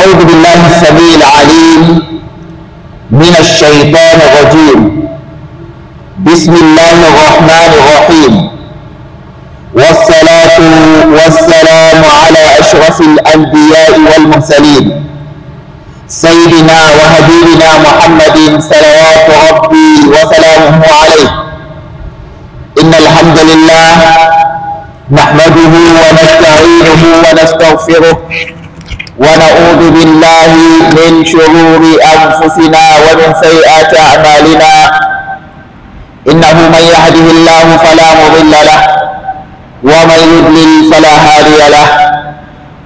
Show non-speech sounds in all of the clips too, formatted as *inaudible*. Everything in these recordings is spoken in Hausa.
أعوذ بالله السميع العليم من الشيطان الرجيم بسم الله الرحمن الرحيم والصلاة والسلام على أشرف الأنبياء والمرسلين سيدنا وحبيبنا محمد صلوات ربي وسلامه عليه إن الحمد لله نحمده ونستعينه ونستغفره ونعوذ بالله من شرور أنفسنا ومن سيئات أعمالنا إنه من يهده الله فلا مضل له ومن يضلل فلا هادي له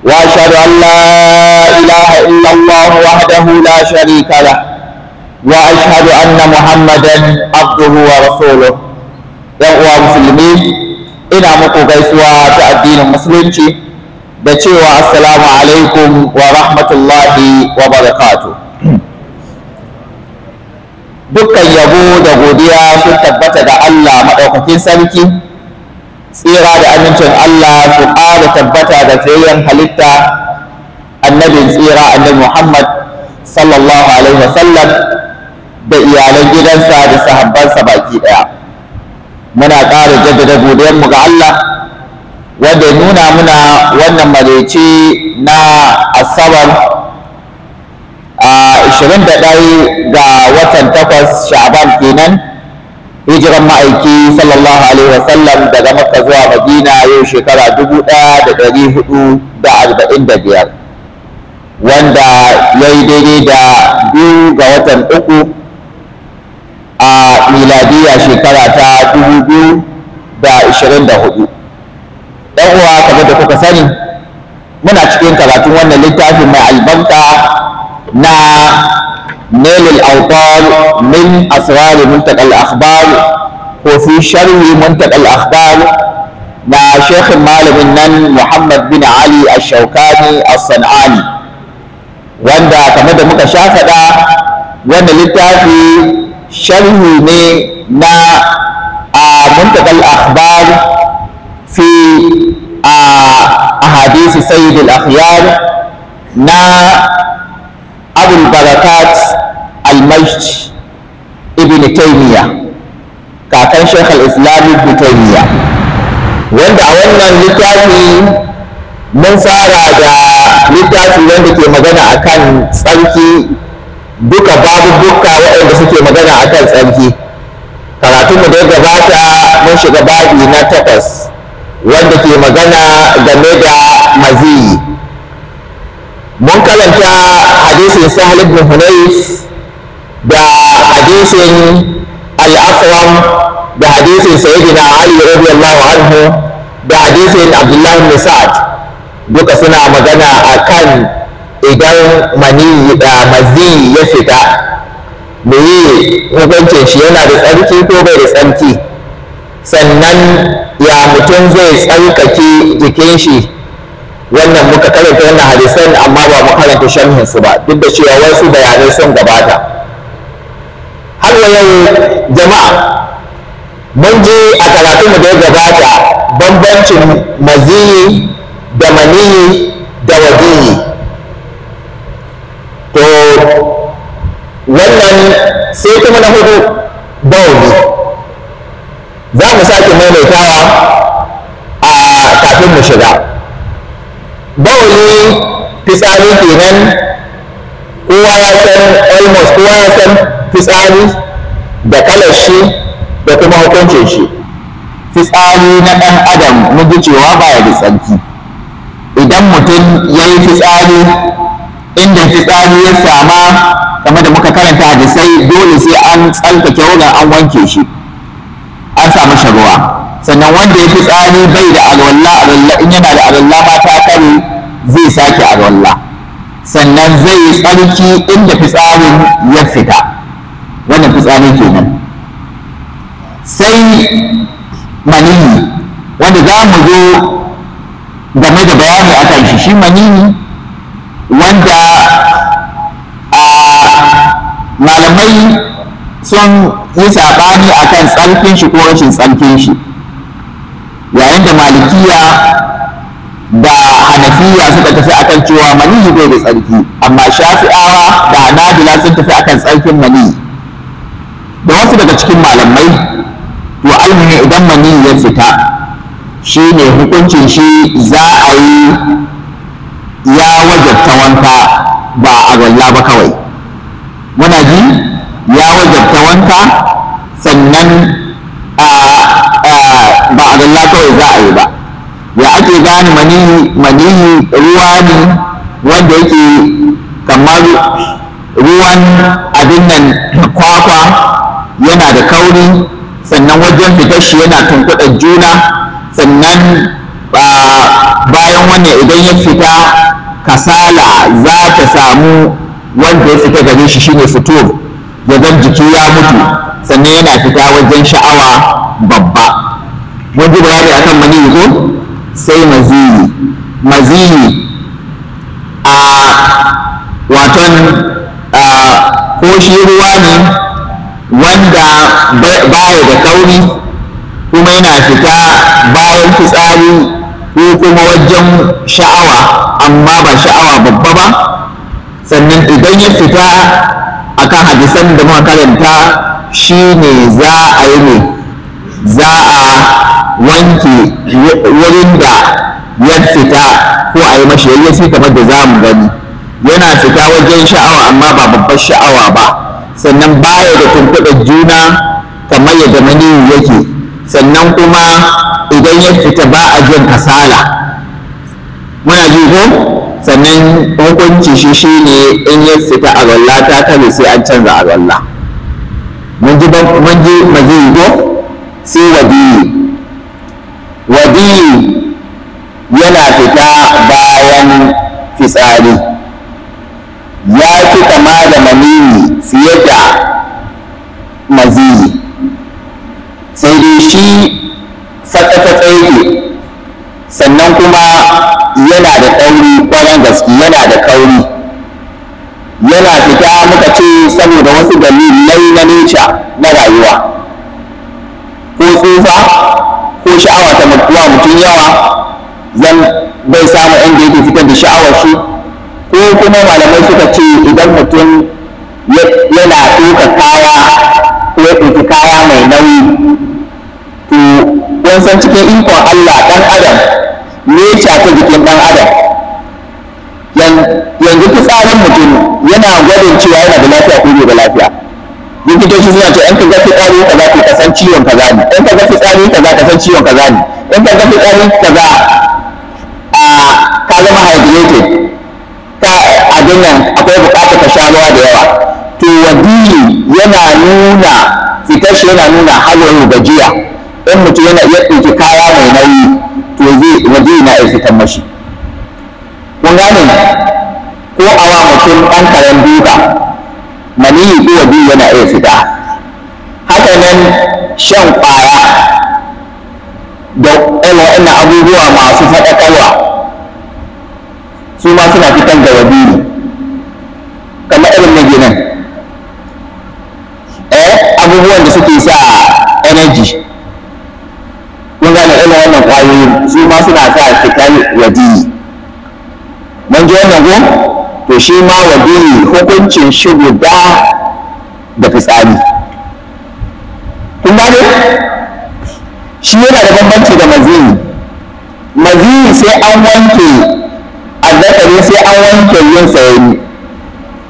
وأشهد أن لا إله إلا الله وحده لا شريك له وأشهد أن محمدا عبده ورسوله يا مسلمين ina إنا gaisuwa ta الدين المسلمين da cewa assalamu alaikum wa rahmatullahi wa barakatu dukkan yabo da godiya sun tabbata ga Allah maɗaukakin sarki tsira da amincin Allah su ƙara tabbata da tsayayyen halitta annabin tsira annabi Muhammad sallallahu alaihi sallam. da iyalan gidansa da sahabbansa baki ɗaya muna ƙara jaddada godiyarmu ga Allah wanda nuna muna wannan marece na asabar a 21 ga watan 8 sha'aban kenan hijiran ma'aiki sallallahu alaihi wasallam daga makka zuwa madina yau shekara 1445 wanda ya yi daidai da biyu ga watan uku a miladiya shekara ta 2024 dan uwa kamar da kuka sani muna cikin karatun wannan littafin mai albarka na nailul awtal min asrar muntaqal akhbar ko fi sharhi muntaqal akhbar na shekhin malamin nan Muhammad bin Ali Ash-Shawkani As-San'ani wanda kamar da muka sha faɗa wannan littafi sharhi ne na a muntaqal akhbar fi ahadisi sayyidul akhyar na abul barakat al-majd kakan sheikh al-islam wanda a wannan littafi mun fara da littafi wanda ke magana akan tsarki duka babu duka waɗanda suke magana akan tsarki karatunmu da ya gabata mun shiga babi na takwas wanda ke magana game da maziyi mun karanta hadisin sahal ibn hunayf da hadisin al-aswam da hadisin sayyidina ali radiyallahu anhu da hadisin abdullahi ibn sa'ad duka suna magana akan idan mani da eh, maziyi ya fita me hukuncin shi yana da tsarki ko bai da tsarki sannan ya mutum zai tsarkake jikin shi wannan muka karanta wannan hadisan amma ba mu karanta sharhin su ba duk da cewa wasu bayanai sun gabata har wa yau jama'a mun je a karatu mu da ya gabata bambancin maziyi da maniyi da wadiyi to wannan sai kuma na hudu bauli maimaitawa a kafin mu shiga bawali fitsari kenan kowa ya san almost kowa ya san fitsari da kalar shi da kuma hukuncin shi fitsari na ɗan adam mun ji cewa baya da tsarki idan mutum ya yi fitsari inda fitsari ya sama kamar da muka karanta hadisai dole sai an tsarkake wurin an wanke shi an sa masa ruwa sannan wanda ya fi tsari bai da alwalla alwalla in yana da alwalla ma ta kare zai sake alwalla sannan zai tsarki inda fitsarin ya fita wannan fitsarin kenan sai manini wanda za mu zo game da bayani akan shi shi manini wanda a malamai sun yi saɓani a kan tsarkin shi ko rashin tsarkin shi yayin da malikiya da hanafiya suka tafi akan cewa maniyi bai da tsarki amma shafi'awa da hanabila sun tafi akan tsarkin maniyi da wasu daga cikin malamai to almuni idan maniyi ya fita shi ne hukuncin shi za a yi ya wajabta wanka ba a ba kawai muna ji ya wajabta wanka sannan ba a galla kawai za a yi ba ya ake gane maniyi ruwa ne wanda yake kamar ruwan abin nan kwakwa yana da kauri sannan wajen fitar shi yana tunkuɗa juna sannan bayan wani idan ya fita kasala za ta samu wanda ya fita gare shi shine fitur wajen jiki ya mutu sannan yana fita wajen sha'awa babba mun ji bayani akan mani ko sai maziyi maziyi a waton ko shi ruwa ne wanda baya da kauri kuma yana fita bayan fitsari ko kuma wajen sha'awa amma ba sha'awa babba ba sannan idan ya fita akan hadisan da muka karanta shine za a yi ne za a wanke wurin da ya fita ko a yi mashi sai kamar da za mu gani yana fita wajen sha'awa amma ba babbar sha'awa ba sannan baya da tuntuɓar juna kamar yadda maniyu yake sannan kuma idan ya fita ba a jin kasala muna ji ko sannan hukunci shi shi ne in ya fita a zalla ta kare sai an canza a zalla mun ji maziyi ko sai wadiyi wadi yana fita bayan fitsari ya fi kama da maniyi fiye da maziyi sai dai shi fatsa-fatsa sannan kuma yana da ɗauri kwaran gaske yana da kauri yana fita muka ce saboda wasu dalilai na nature na rayuwa ko tsufa ko sha'awa ta mutuwa mutum yawa zan bai samu da yake fitar da sha'awar shi ko kuma malamai suka ce idan mutum yana tuka kaya ko ya ɗauki kaya mai nauyi to kun san cikin ikon Allah ɗan adam nature ta jikin ɗan adam yanzu yanzu fitsarin mutum yana gwadin cewa yana da lafiya ko bai da lafiya likitoci suna ce in ka ga fitsari kaza ka san ciwon kaza ne in ka ga fitsari kaza ka san ciwon kaza ne in ka ga fitsari kaza a ka zama hydrated ka abin nan akwai bukatar ka sha ruwa da yawa to wadili yana nuna fitar shi yana nuna halin gajiya in mutum yana iya ɗauki kaya mai nauyi to zai wadili na iya fitar mashi gane ko a wa mutum ɗan karen duka maniyi zuwa biyu yana iya fita haka nan shan ƙwaya da ina abubuwa masu faɗakarwa su ma suna fitan da wabiri kamar irin na ginin eh abubuwan da suke sa energy kun gane irin wannan ƙwayoyin su ma suna sa fitar wabiri mun ji wannan ko to shi ma wadi hukuncin shi guda da fitsari kun gane shi yana da bambanci da maziyi maziyi sai an wanke azzakari sai an wanke yin sauri.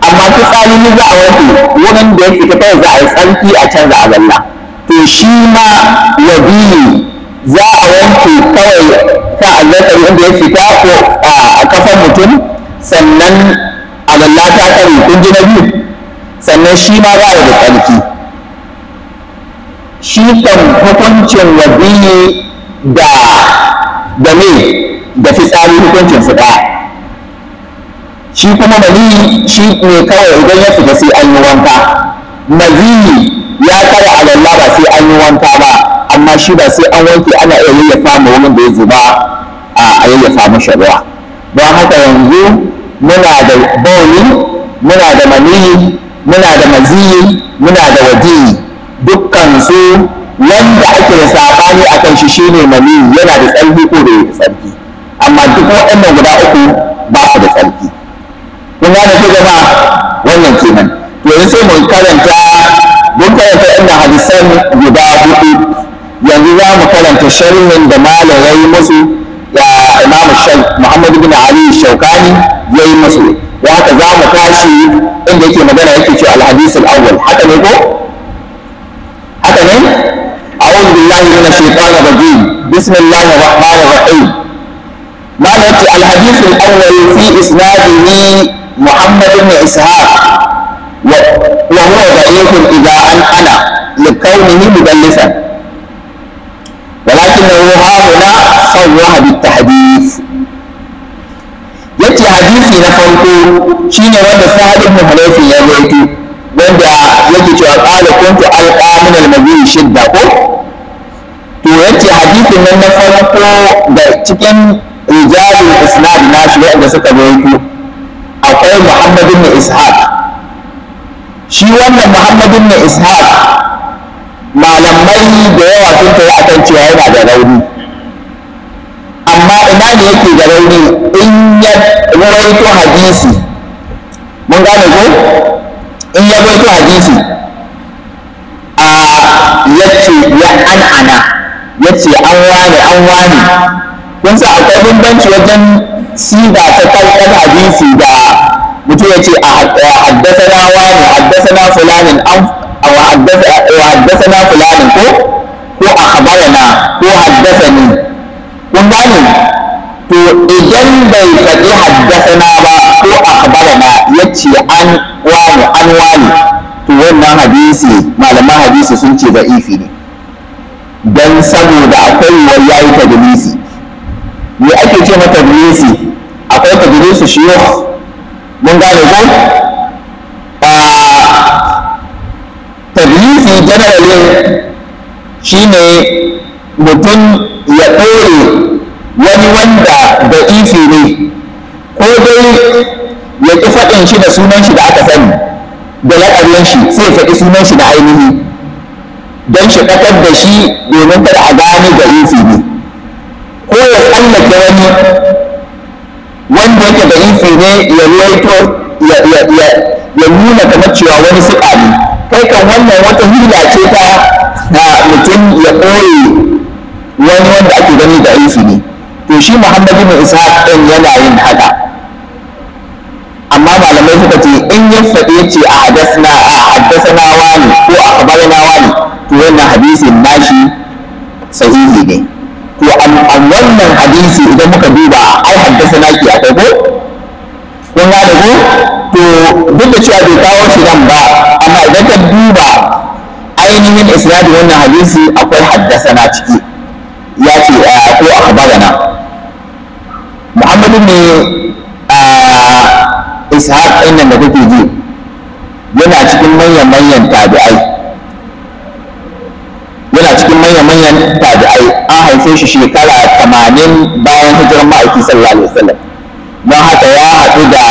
amma fitsari ne za a wanke wurin da ya fita kawai za a yi tsarki a canza a to shi ma wadi za a wanke kawai ta azzakari inda ya fita ko a kafan mutum sannan a alalla ta kare kun biyu sannan shi ma ba da tsarki shi kan hukuncin wabiyi da da me da fitsari hukuncin su ba, shi kuma mali shi ne kawai idan ya fita sai an yi wanka mali ya kare alalla ba sai an yi wanka ba amma shi ba sai an wanke ana iya yayyafa ma wurin da ya zuba a yayyafa mashi ruwa don haka yanzu muna da bauli muna da maniyi muna da maziyi muna da wadiyi dukkan su wanda ake da sabani a kan shi shine maniyi yana da tsarki ko da tsarki amma duk waɗannan guda uku ba su da tsarki kun gane ke jama'a wannan kenan yanzu sai mu karanta mun karanta inda hadisan guda hudu yanzu za mu karanta sharhin da malam ya yi musu ya imam muhammad bin ali shaukani ya yi musu wa haka za mu tashi inda yake magana yake ce alhadis al-awwal haka ne ko haka ne a'udhu billahi minash shaitani rajim bismillahir rahmanir rahim malam yace alhadis al-awwal fi isnadihi muhammad bin ishaq يكن إذا أنحنى لكونه مدلسا ولكنه ها هنا صوها بالتحديث يأتي حديث إلى فوقه شين رد سعد بن حليف يا بيتي وندى يجي قال كنت ألقى من المدين شدة يأتي حديث من فوقه بأتكن رجال الإسلام ناشي وعند ستة بيتي أقول محمد بن إسحاق shi wannan muhammadu na ishaq malamai da yawa sun a kan cewa yana da rauni amma ina ne yake da rauni in ya rawaito hadisi mun gane ko in ya rawaito hadisi a yace ya an'ana yace an wane an wane kun sa akwai bambanci wajen siga ta kalkar hadisi da mutum ya ce a haddasana wani haddasana fulanin an wa haddasana fulanin ko a habarana ko haddasani kun gane to idan bai faɗi haddasana ba ko a habarana ya ce an wani an wani to wannan hadisi malaman hadisi sun ce za'ifi ne don saboda akwai wa yayi tadlisi me ake ce mata tadlisi akwai shi shiyukh mun gane ko tablifi generalin ne mutum ya ɗore wani wanda da ifi ne ko dai ya ƙi faɗin shi da sunan shi da aka sani da laƙarin shi sai faɗi sunan shi da ainihi don shi ɗakar da shi domin kada a gane da ifi ne ko ya tsallake wani wanda yake da ifi ne ya laito ya nuna kamar cewa wani suka ne kai kan wannan wata hila ce ta mutum ya ɓoye wani wanda ake gani da ifi ne to shi muhammad ibn isa ɗin yana yin haka amma malamai suka ce in ya faɗe ce a haddasa a wani ko a kabarina wani to wannan hadisin nashi sahihi ne wannan hadisi idan muka duba ai haddasa naki a ko kun gane ko to duk da cewa bai kawo shi nan ba amma idan ka duba ainihin isnadin wannan hadisi akwai haddasa na ciki ya ce eh, ko akhbarana muhammadu ne ishaq ɗin nan da ji yana cikin manyan manyan tabi'ai cikin tabi'ai an haife shi shekara tamanin bayan hijirar ma'aiki sallallahu alaihi wasallam don haka ya haɗu da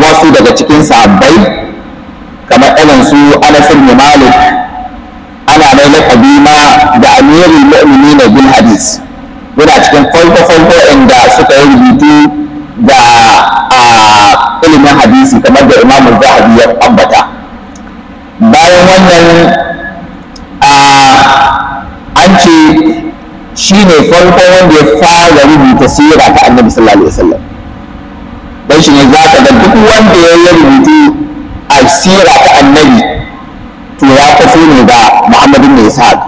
wasu daga cikin sahabbai kamar irin su Anas ibn Malik ana mai laƙabi ma da mu'mini na bin Hadis yana cikin farko-farko inda suka yi rubutu da a ilimin hadisi kamar da Imam Zahabi ya ambata bayan wannan Shi ne farko wanda ya fara rubuta sira ta annabi sallallahu alaihi wasallam dan shi ne za ka ga duk wanda ya yi rubutu a sira ta annabi to ya tafi ne ga muhammadu ne ishaq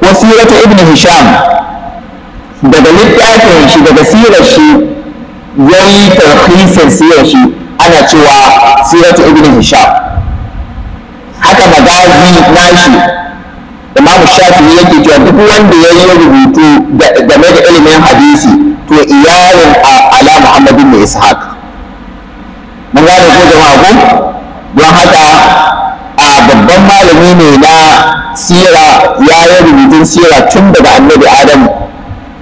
ko sira ta ibn hisham daga littafin shi daga sirar shi ya yi tarhisin sirar shi ana cewa sira ta ibn hisham haka magazi nashi imam shafi'i yake cewa duk wanda ya yi rubutu game da ilimin hadisi to iyalin ala muhammadin ne ishaq mun gane ko jama'a ko don haka a babban malami ne na sira ya yi rubutun sira tun daga annabi adam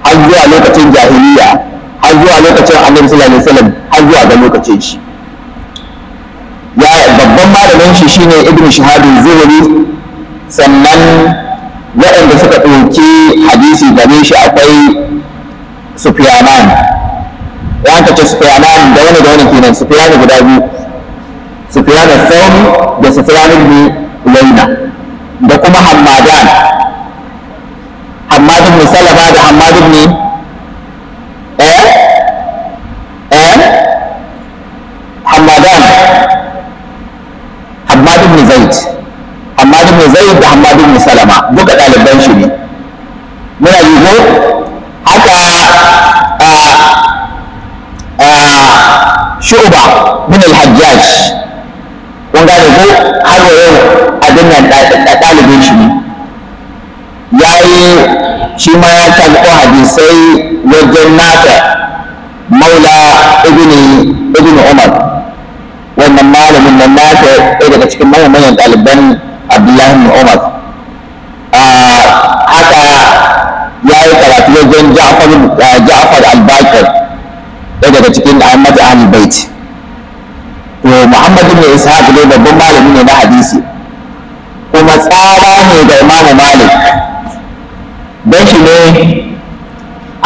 har zuwa lokacin jahiliya har zuwa lokacin annabi sallallahu alaihi wasallam har zuwa ga lokacin shi ya babban malamin shi shine ibnu shahab zuhri sannan waɗanda suka ɗauki hadisi game shi akwai sufiyanan ya ka ce sufiyanan da wani da wani kenan sufiyanan guda biyu sufiyanan sauri da sufiyanan ne waina da kuma hammadan hammadin musalaba da hammadin ne salama duka ɗaliban shi ne muna yi ko haka shuba min al-hajjaj kun gane ko har wa yau abin nan ɗaliban shi ne ya yi shi ma ya karɓo hadisai wajen nata maula ibn umar wannan malamin nan nata ɗaya daga cikin manyan ɗaliban abdullahi umar karatu wajen eh, Ja'far al-Bakir ɗaya daga cikin da Ahmad al-Bait to Muhammad ibn Ishaq ne babban malami ne na hadisi kuma tsara ne ga Imam Malik don shi ne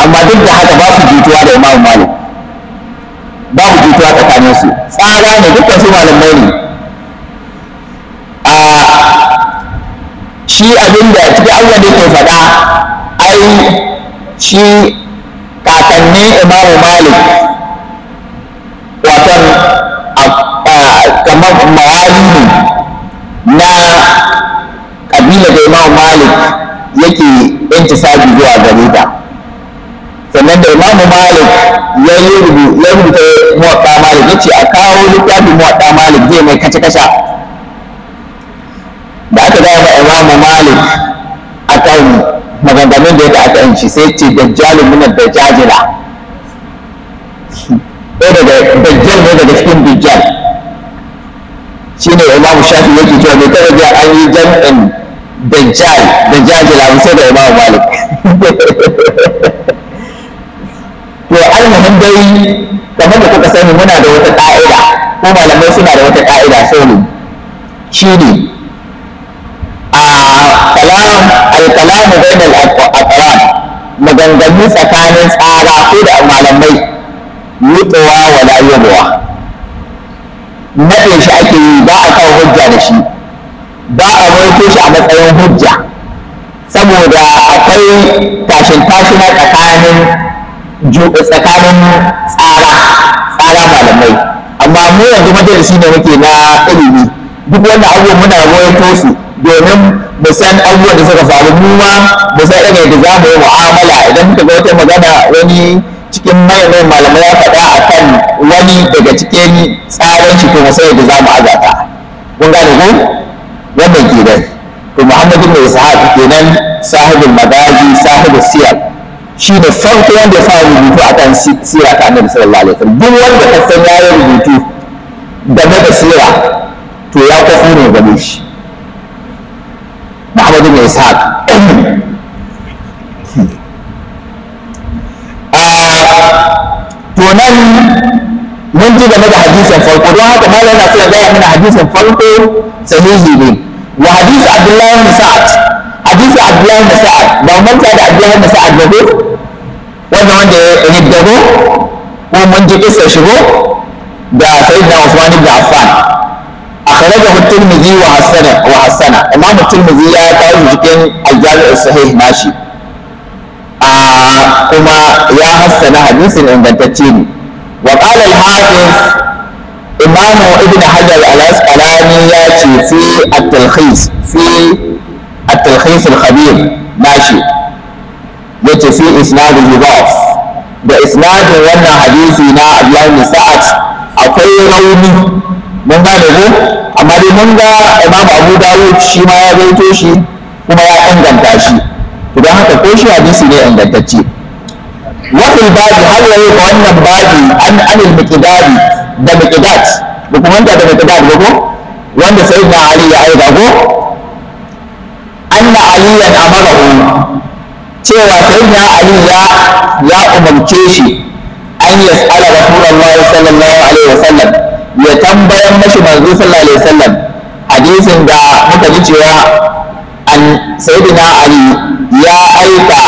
amma duk da haka ba su jituwa da Imam Malik Ba su jituwa tsakanin su tsara ne dukkan su malamai ne a ah, shi abinda cikin abubuwan da yake faɗa ai shi kakannin imamu malik watan kamar mawali na kabila da imamu malik yake sabi zuwa gare ta sannan da imamu malik ya yi rubuta muwaɗa malik ya ce a kawo littafin muwaɗa malik zai mai kace kasha da aka gaya ma imamu malik a kan maganganun da ya aka yanci sai ce dajjalu minar dajjajila ɗaya daga dajjal ne daga cikin dajjal shi ne imamu shafi yake cewa mai ta biya an yi jam'in dajjal da jajila sai da imamu malik *laughs* to almuhim dai kamar da kuka sani muna da wata ƙa'ida ko malamai suna da wata ƙa'ida ne shi ne kalam alkalamu bainal aqwam maganganu tsakanin tsara ko da malamai mutuwa wala yabwa nadin shi ake yi ba a kawo hujja da shi ba a maito shi a matsayin hujja saboda akwai tashin tashina tsakanin tsakanin tsara tsara malamai amma mu yanzu majalisi ne muke na ilimi duk wanda abubuwan muna rawaito su domin mu san abubuwan da suka faru mu ma mu san irin da za mu yi mu'amala idan muka ga wata magana wani cikin mai malamai ya faɗa a kan wani daga cikin tsarin shi to mu san yadda za mu azata kun gane ko, wannan kenan to muhammadu mai sahabi kenan sahibin Magaji, sahibul siyar shi ne farko wanda ya fara rubutu a kan siyar ta annabi sallallahu alaihi wasallam duk wanda ka san ya rubutu game da Siyar, to ya kwafi ne game shi ahmad bin ishaq ah, to nan mun ji game da hadisin farko don haka malam yana so ya gaya mana hadisin farko sahihi ne wa hadisi abdullahi bin sa'ad hadisi abdullahi bin sa'ad ba manta da abdullahi bin sa'ad ba ko wannan wanda ya ridda ko mun ji kissa shigo da sayyidina usman ibn affan akhrajahu at-Tirmidhi wa hasana wa hasana Imam at-Tirmidhi ya kawo cikin al-Jami' as-Sahih nashi ah, kuma ya hassana hadisin ingantacce ne wa qala al-Hafiz Imam Ibn ya ce fi at-Talkhis fi at-Talkhis da isnadin wannan hadisi na Abdullah Sa'ad akwai rauni mun gane ko amma dai mun ga imam abu dawud shi ma ya zaito shi kuma ya inganta shi to don haka ko shi hadisi ne ingantacce wakil babi har yau ga wannan babi an anil miqdadi da miqdat da kuma da miqdad ba ko wanda sayyidina ali ya aika ko anna aliyan amarahu cewa sayyidina ali ya ya umarce shi an yas'ala rasulullahi sallallahu alaihi wasallam ya tambayan mashi manzo sallallahu alaihi wasallam hadisin da muka ji cewa an sayyidina ali ya aika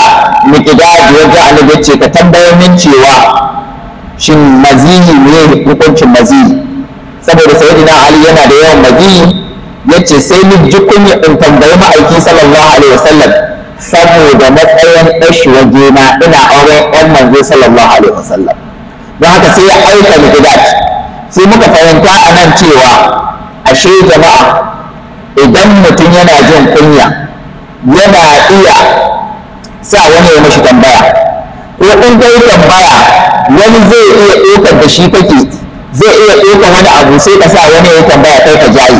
miqdad wajen annabi ce ka tambayar min cewa shin mazihi ne hukuncin mazihi saboda sayyidina ali yana da yawan mazihi yace sai ni ji kunya in tambayi ma'aiki sallallahu alaihi wasallam saboda matsayin ɗashi wajena ina auren ɗan manzo sallallahu alaihi wasallam don haka sai ya aika miqdad sai muka fahimta a nan cewa ashe jama'a idan mutum yana jin kunya yana iya sa wani ya mashi tambaya ko in yi tambaya wani zai iya ɗaukar da shi kake zai iya ɗaukar wani abu sai ka sa wani ya tambaya kai ka jayi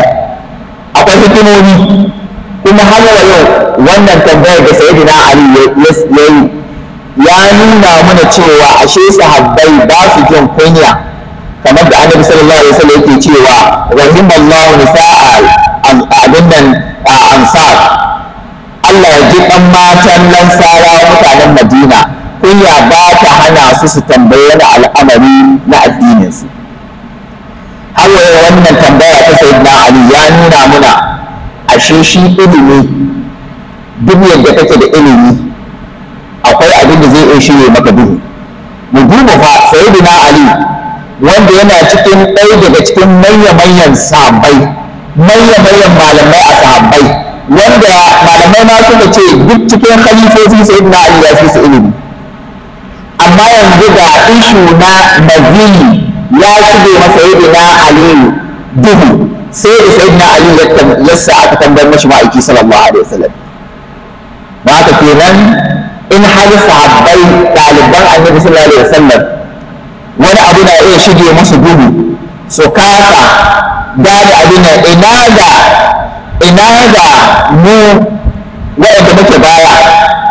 akwai hikimomi kuma har yau wannan tambayar da sayyidina ali ya yi ya nuna mana cewa ashe sahabbai ba su jin kunya kamar da annabi sallallahu alaihi wasallam yake cewa rahimallahu nisa'a abin nan ansar Allah ya ji dan matan nan sara mutanen Madina kunya ba ta hana su su tambaye wani al'amari na addinin su har wannan tambaya ta sayyidina Ali ya nuna muna ashe shi ilimi duk yadda kake da ilimi akwai abin da zai iya shirye maka duhu mu duba fa sayyidina Ali wanda yana cikin ɗaya daga cikin manya-manyan sahabbai manya-manyan malamai a sahabbai wanda malamai ma suka ce duk cikin khalifofi sai na ali ya fi su ilimi amma yanzu ga ishu na mazini ya shige masa yi na aliyu duhu sai da sai na aliyu ya sa aka tambayar mashi ma'aiki sallallahu alaihi wasallam ba haka kenan in hali sahabbai ɗaliban annabi sallallahu alaihi wasallam wani abu na iya shige musu gudu su kasa gane abin nan ina ga ina ga mu waɗanda muke baya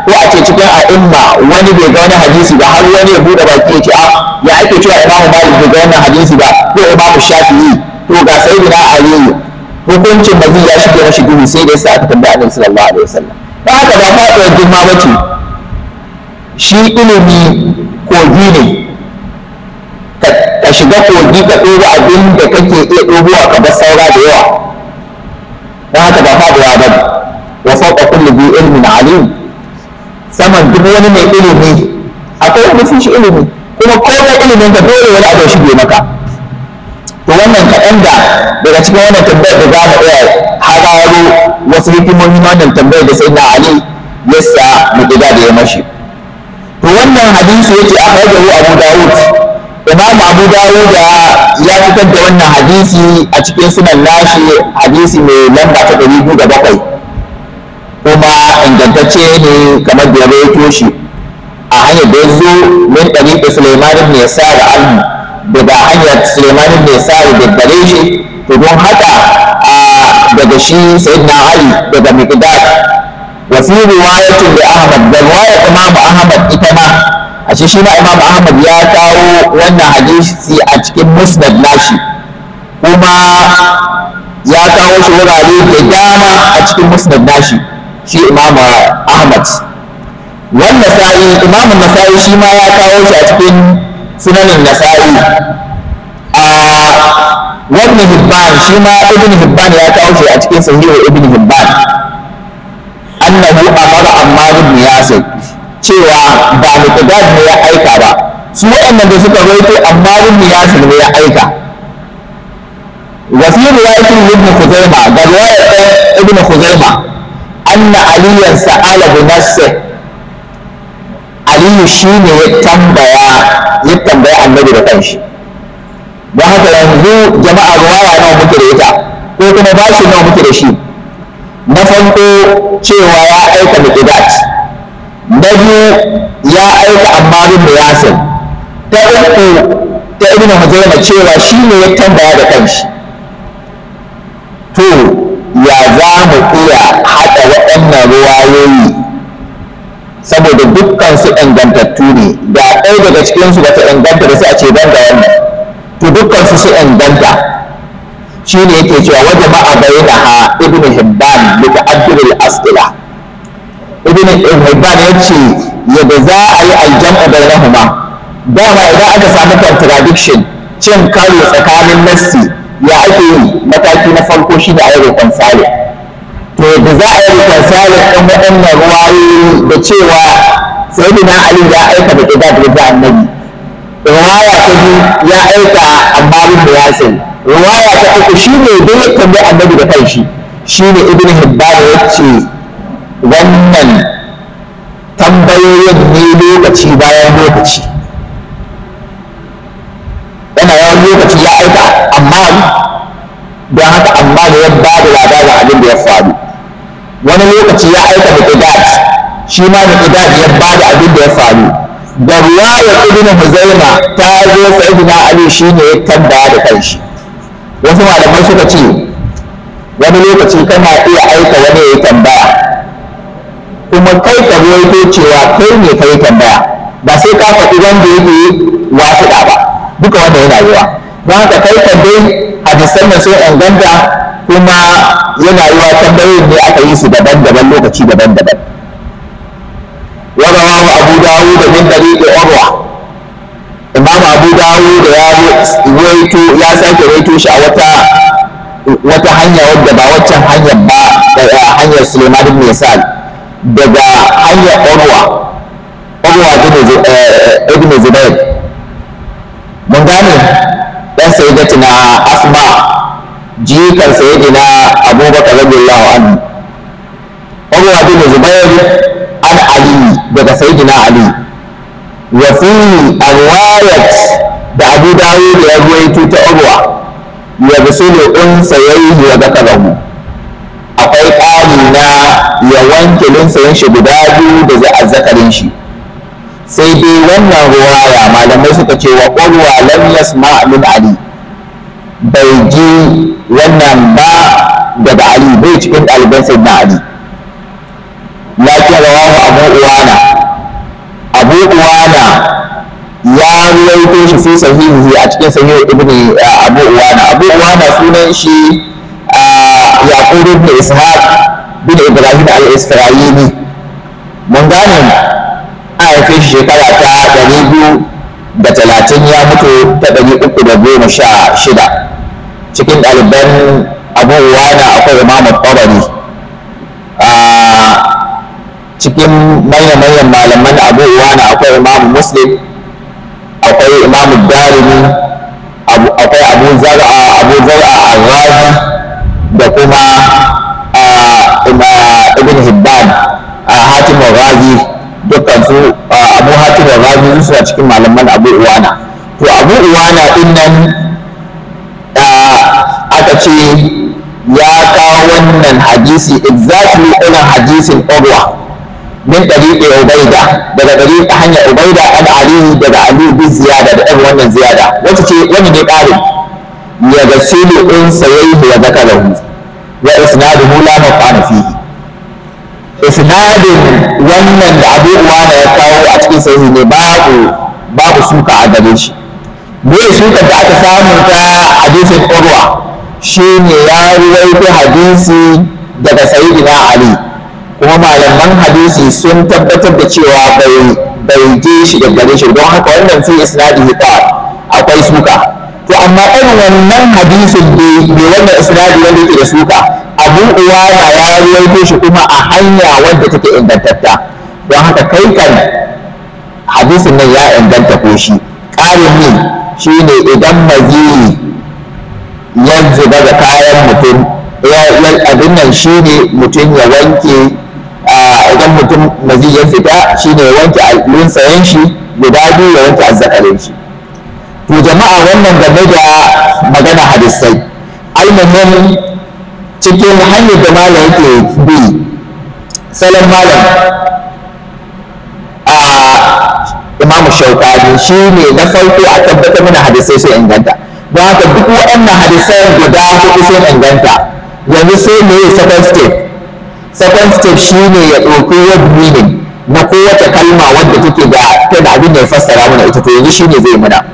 ko a ce cikin a'imma wani bai ga wani hadisi ba har wani ya buɗe baki ya ce a ah, ya ake cewa imamu malik bai ga wannan hadisi ba ko imamu shafi'i to ga sai sayyidina aliyu hukuncin ba zai ya shige mashi duhu sai da yasa aka tambaya annabi sallallahu alaihi wasallam ba haka ba fatuwar girma bace shi ilimi ko ne ka shiga kogi ka ɗora abin da kake iya ɗoruwa ka bar saura da yawa don haka ba faɗuwa ba wa fauka kulli bi ilmin alim saman duk wani mai ilimi akwai wani sun shi ilimi kuma kowa ilimin ka dole wani abu shige maka to wannan kaɗan da daga cikin wannan tambayar da za mu iya hararo wasu hikimomin wannan tambayar da sai na ali yasa mu gida da ya mashi to wannan hadisi yake akhrajahu abu dawud imamu abu dawuda ya fitar da wannan hadisi a cikin sunan nashi hadisi mai lamba ta ɗari bakwai kuma ingantacce ne kamar da ya shi a hanyar da zo min ɗari da suleiman ibn yasar an daga hanyar suleiman ibn yasar da gare shi to don haka daga shi sayyidina ali daga miqdad wa fi da ahmad da riwayat imam ahmad ita ma ashe shi ma imam ahmad ya kawo wannan hadisi a cikin musnad nashi kuma ya kawo shi wurare da dama a cikin musnad nashi shi imam ahmad wannan sa'i imam nasa'i shi ma ya kawo shi a cikin sunanin nasa'i a wannan hibban shi ma ibn hibban ya kawo shi a cikin sahihu ibn hibban annahu amara amma ibn yasir cewa ba Miqdad ne ya aika ba su waɗannan da suka rawaito amma ibn Yasir ne ya aika wa fi riwayatin ibn Khuzaimah ga riwayar ibn Khuzaimah anna aliyan sa'ala bi nafsihi aliyu shine ya tambaya ya tambaya annabi da kanshi don haka yanzu jama'a ruwaya nawa muke da ita ko kuma bashi nawa muke da shi na farko cewa ya aika miqdat na biyu ya aika amma bin yasir ta uku ta ibn huzaima cewa shi ne ya tambaya da kanshi to ya za mu iya haɗa waɗannan ruwayoyi saboda dukkan su ingantattu ne da ɗaya daga cikinsu ba ta inganta da sai a ce ban da wannan to dukkan su su inganta shi ne yake cewa wajen a bayyana ha ibn hibban bi ta'addul as'ila ibn Hibban ya yadda za a yi aljam'u bainahuma dama idan aka samu contradiction cin karo tsakanin nassi ya ake yi mataki na farko shi da yi reconcile to yadda za a yi reconcile ɗin waɗannan ruwayoyi da cewa sayyidina Ali ya aika da ƙidad da annabi ruwaya ta biyu ya aika amma bin yasin ruwaya ta uku shine dai tambayi annabi da kanshi shine ibn Hibban yace wannan tambayoyin ne lokaci bayan lokaci yana yawan lokaci ya aika amma don haka amma da ya ba da labarin abin da ya faru wani lokaci ya aika da idad. shi ma da idat ya ba da abin da ya faru da ruwaya ibn huzaima ta zo sayyidina ali ne ya tambaya da kanshi wasu malamai suka ce wani lokaci kana iya aika wani ya yi tambaya kuma kai ka ruwaito cewa kai ne kai tambaya ba sai ka faɗi wanda yake wasiƙa ba duka wanda yana yiwa ba haka kai ka dai musamman sai an ganda kuma yana yiwa tambayoyin ne aka yi su daban-daban lokaci daban-daban ورواه أبو داود من طريق عروة إمام أبو داود يا ساكي رويتو شا wata وتا هنيا ودا با وتا هنيا با hanyar suleiman bin يسال daga hanyar urwa urwa eh, ibn zubair mun gane ɗan dan sayyidatina asma jikan na abubakar radiyallahu anhu urwa ibn zubair an ali daga na ali wa fi alwayat da abu da ya ruwaito ta urwa ya ɗin sayayi ya zaka dakarahu akwai tsari na ya wanke linsayin shi guda biyu da za a zakarin shi sai dai wannan ruwaya malamai suka ce wa ƙwarwa lam yasma min ali bai ji wannan ba daga ali bai cikin ɗaliban na ali lakin rawahu abu uwana abu uwana ya ruwaito shi fi sahihi a cikin sahihi ibn eh, abu uwana abu uwana sunan shi aure da ishaq bin ibrahim al-isra'ili mun gane a haife shi shekara ta ɗari biyu da talatin ya mutu ta ɗari uku da goma sha shida cikin ɗaliban abu wana akwai imamu tabari ah, cikin manya-manyan malaman abu wana akwai imamu muslim akwai imamu darimi akwai abu zar'a abu zar'a kuma ibn hibban hatim al-razi dukkan su abu hatim al-razi suna cikin malaman abu uwana to abu uwana din nan aka ce ya kawo wannan hadisi exactly ina hadisin urwa min ɗariƙe ubaida daga ɗariƙe hanyar ubaida an aliyu daga aliyu bi ziyada da ɗan wannan ziyada wacce ce wani ne ƙarin ya ga sulu in sayayi ya zaka lahu wa isnaduhu la maqana fihi isnadin wannan da abu uwana ya kawo a cikin sahihi ne babu babu suka a gare shi me sukar da aka samu ta hadisin urwa shine ya ruwaito hadisi daga sayyidina ali kuma malaman hadisi sun tabbatar da cewa bai bai je shi da gare shi don haka wannan sai isnadi hita akwai suka to amma irin wannan hadisin da ne wannan isnadi wanda yake da suka abu na ya rawaito shi kuma a hanya wadda take ingantatta don haka kai kan hadisin nan ya inganta ko shi ƙarin ne shine idan maziyi ya zuba da kayan mutum abin nan shine mutum ya wanke idan mutum maziyi ya fita shine ya wanke sayan shi guda biyu ya wanke azzakarin shi to jama'a wannan game da magana hadisai almuhim cikin hanyar da malam yake bi salon malam a imamu shaukani shi ne na farko a tabbatar mana hadisai sai inganta don haka duk waɗannan hadisai guda huɗu sai inganta yanzu sai ne second step second step shi ne ya ɗauki word meaning na kowace kalma wadda take da ta da abin da ya fassara mana ita to yanzu shi ne zai muna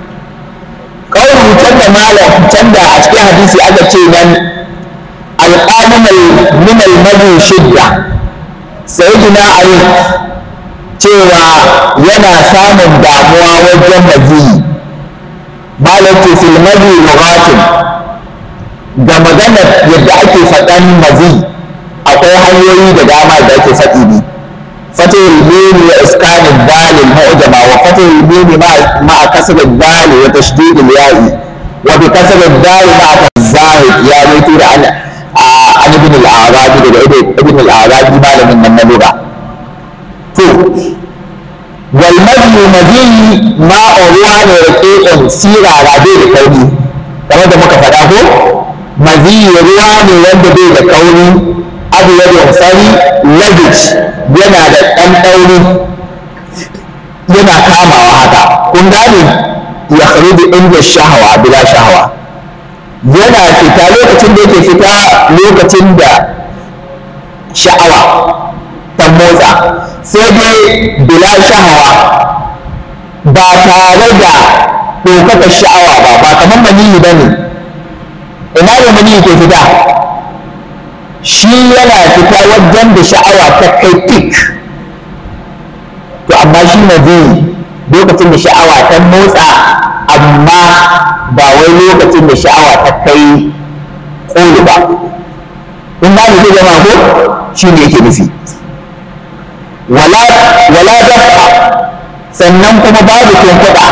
wanda da malam can a cikin hadisi aka ce nan alƙalimar minal mabu shidda sayyidina ali cewa yana samun damuwa wajen maziyi malaki fil mazi lughatin ga maganar yadda ake faɗan maziyi akwai hanyoyi da dama da ake faɗi ne فتح الميم وإسكان الدال المعجمة ma الميم مع مع wa tashdid al الياء wa bi kasabin dari ba ta zahid ya mutu da ana an ibn al-arabi daga ibn al-arabi malamin nan na lura to wal madhi madhi ma ruwa ne raqiqan sira bai da kauni kamar da muka faɗa ko ya ruwa ne wanda bai da kauni abu ya da musari lagic yana da ɗan ɗauri yana kamawa haka kun gane ya kharuju inda shahawa bila shahawa yana fita lokacin da yake fita lokacin da sha'awa ta motsa sai dai bila shahawa ba tare da ɗaukakar sha'awa ba ba kamar maniyi ba ne ina da maniyi ke fita shi yana fita wajen da sha'awa ta kai tik to amma shi na zai lokacin da sha'awa ta motsa amma ba wai lokacin da sha'awa ta kai ƙoli ba in ba zai zama ko shi ne yake nufi wala wala sannan kuma babu tuntuɓa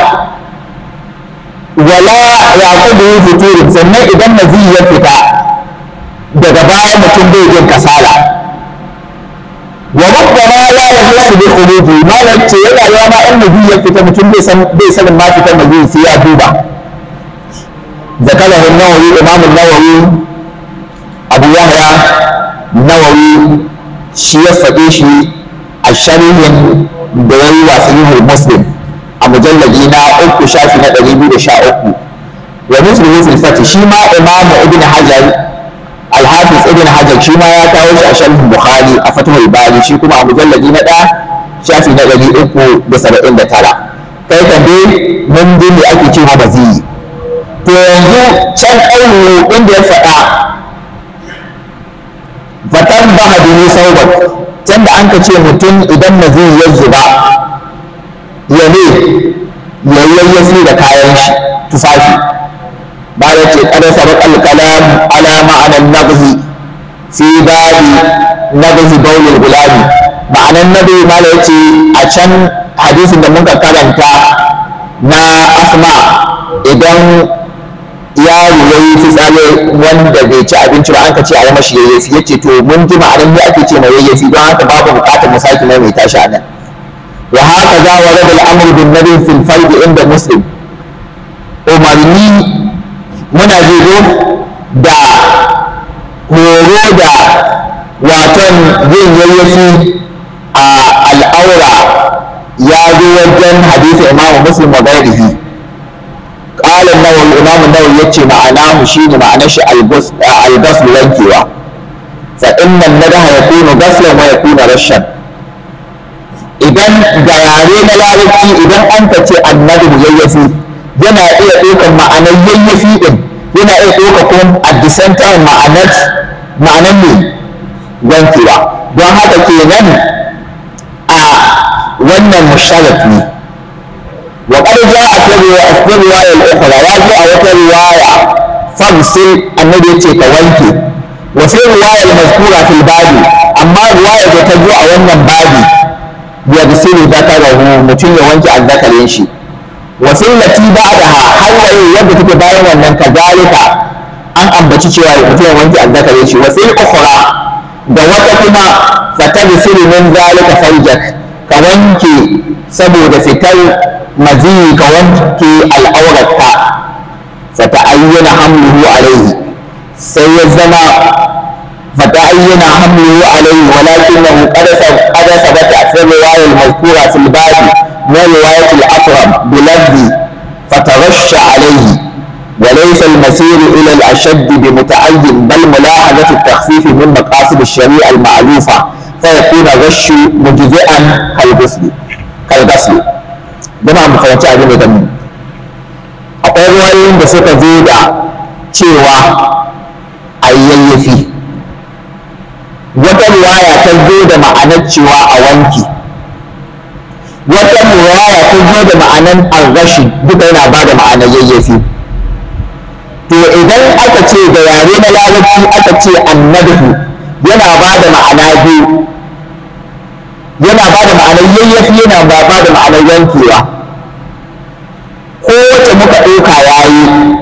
wala ya kudu fito sannan idan na ya fita daga baya mutum bai jin kasala wa babba ma ya yi hala da zai kuma malam ce ya rayuwa ma an nabi ya fita mutum bai san bai sanin ma fitar da zai ya duba zakala hun nawawi imam nawawi abu yahya nawawi shi ya sabe shi a sharihin da ya muslim a mujallabi na uku shafi na ɗari biyu da sha wa muslim muslim shi ma imam ibn hajar alhafiz ibn hajar shi ma ya kawo shi a sharhin bukhari a fatahul bari shi kuma a mujalladi na ɗaya shafi na ɗari uku da saba'in da tara kai ka mun ne ake cewa ba zai to yanzu can ainihin inda ya faɗa fatan ba hadini sauwar can da an ka ce mutum idan na zai ya zuba ya ne ya yayyafi da kayan tufafi bala ce kada sabaq al kalam ala ma'ana nabzi fi babi nabzi bawlul gulabi ma'anan nabi mala yace a can hadisin da muka karanta na asma idan yaro ya yi fitsari wanda bai ci abinci ba an ka ce a yi mashi yayyafi ya to mun ji ma'anar ne ake ce mai yayyafi don haka babu bukatar mu sake mai mai tashi a nan wa haka za wa rabu al'amur bin nabi fil inda muslim umarni muna jiru da horo da watan zai yi yayyafi a al'aura ya zo wajen hadisi imamu muslim wa gairihi qala nawal imamu nawal yace ma'ana mu shine ma'ana shi albus albas lankiwa fa inna nadaha yakunu basla wa yakunu rashan idan garare na larabci idan an ce annabi yayyafi yana iya ɗaukar ma'anar yayyafi ɗin yana iya ɗaukar kuma a the ma'anar ma'anar ne wankewa don haka kenan a wannan musharraf ne wa qad ja'a fi riwaya al-ukhra ya zo a wata riwaya fagsil annabi yace ka wanke wa fi riwaya al-mazkura fil babi amma riwaya da ta zo a wannan babi ya ta zakarahu mutum ya wanke azzakarin shi wasillati ba'daha hanyar yadda take bayan wannan kazalika an ambaci cewa mutum ya wanke azzakare shi wasil ukhra da wata kuma fatabsiru min zalika farjak ka wanke saboda fitar mazini ka wanke al'auratka fata'ayyana hamluhu alayhi sai ya zama fata'ayyana hamluhu alayhi walakin qadasa bata fi riwayat al-mazkura fil babi ورواية الأقرب بلفظ فتغش عليه وليس المسير إلى الأشد بمتعين بل ملاحظة التخفيف من مقاصد الشريعة المعروفة فيكون غش مجزئا كالغسل كالغسل جماعة مفهمتي أبين دمين akwai ruwayoyin da suka zo da cewa a yayyafi wata ruwaya ta zo da ma'anar cewa a wanki wata muraya ta zo da ma'anan arrashi duka yana ba da ma'anar yayyafi to idan aka ce da yare na larabci aka ce annadhu yana ba da ma'ana biyu yana ba da ma'anar yayyafi yana ba da ma'anar yankewa Ko kowace muka ɗauka yi.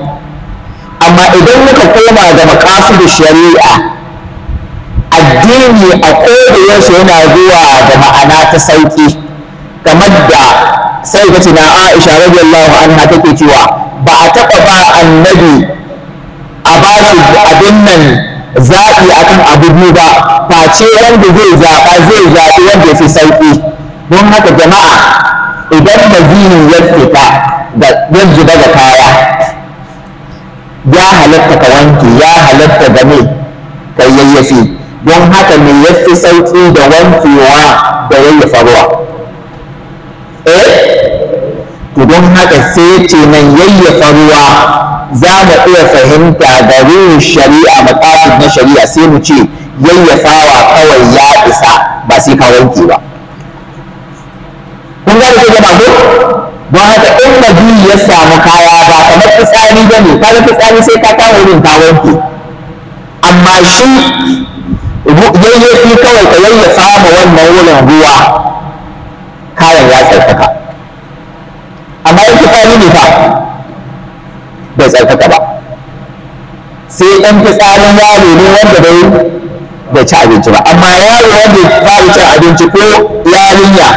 amma idan muka koma da da shari'a addini a kodayaushe yana zuwa da ma'ana ta sauki. kamar da sai ka na Aisha radiyallahu anha take cewa ba a taɓa ba annabi a ba shi abin nan zaɓi akan abu biyu ba face wanda zai zaɓa zai zaɓi wanda ya fi sauƙi don haka jama'a idan mazinin ya fita da ya zuba da kaya ya halatta ka wanki ya halatta game ka yayyafi don haka ne ya fi sauƙi da wankewa da yayyafa ruwa Eh? to don haka sai ce nan yayyafa ruwa za mu iya fahimta da ruhin shari'a maƙasid na shari'a sai mu ce yayyafawa kawai ya isa ba sai ka wanke ba kun gani ko jama'a ko don haka in maji ya samu kaya ba kamar fitsari ba ne kaga fitsari sai ka kawo wurin ka wanke amma shi yayyafi kawai ka yayyafa ma wannan wurin ruwa fitsari ne fa bai tsarkaka ba sai ɗan fitsari yaro ne wanda bai bai ci abinci ba amma yaro wanda fara cin abinci ko yarinya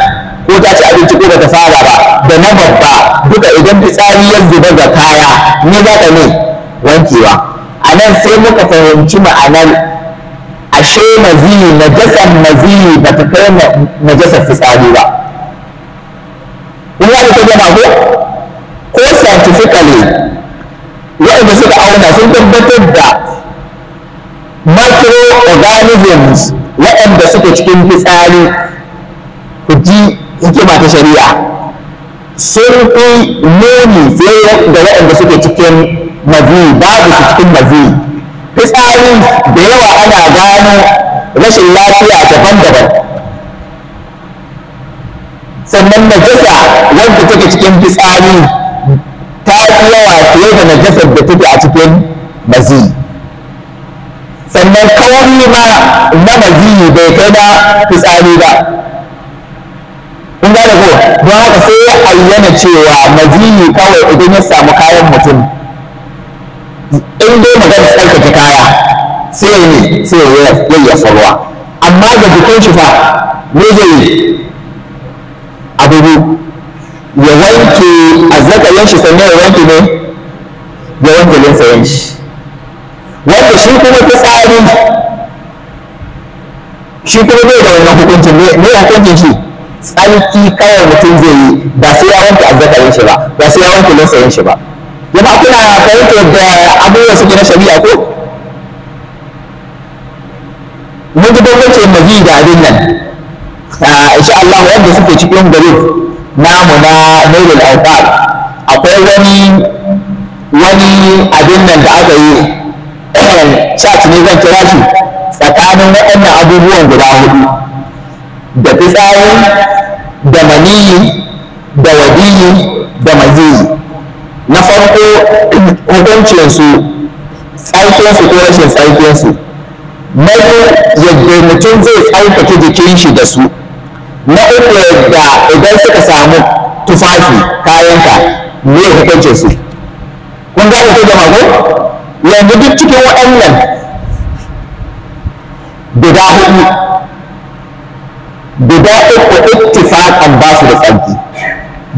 ko ta ci abinci ko bata fara ba da na babba duka idan fitsari ya zuba ga kaya ni za ka ne wankewa a nan sai muka fahimci ma'anar ashe maziyi najasan maziyi ba ta kai najasar fitsari ba. Ina da ta gaba ko? sikali waɗanda suka auna sun tabbatar da microorganisms waɗanda suke cikin fitsari ku ji hikima ta shari'a sun fi nuni fiye da waɗanda suke cikin mazi babu su cikin mazi fitsari da yawa ana gano rashin lafiya daban-daban sannan najasa wanda take cikin fitsari ta fi yawa fiye da najasar da take a cikin mazi. sannan kawai ma na ne bai kai da fitsari ba in da ko don haka sai ya ayyana cewa ne kawai idan ya samu kayan mutum in dai magana tsarkake kaya sai ne sai ya yayyafa ruwa amma ga jikin shi fa zai yi abubu ya wanke a azzakarin shi sannan ya wanke ne ya wanke linsayen shi wanda shi kuma ta tsari, shi kuma zai da wannan hukuncin ne hukuncin shi tsarki kawai mutum zai yi ba sai ya wanke azzakarin shi ba ba sai ya wanke linsayen shi ba yana kuna fahimtar da abubuwan suke na shari'a ko mun ji bambancin mazi da abin nan ah, insha Allah wanda suke cikin gari namu na nailul awqat akwai wani wani abin nan da aka yi *clears throat* chat ne zan kira shi tsakanin waɗannan abubuwan guda hudu da fitsari da maniyi da wadiyi da maziyi na farko hukuncinsu tsarkinsu ko rashin tsarkinsu na yadda mutum zai tsarkake jikin shi da su na uku da idan suka samu tufafi kayanka me hukuncin su kun gane ko da ko yanzu duk cikin waɗannan guda hudu guda uku ittifaqan ba su da tsarki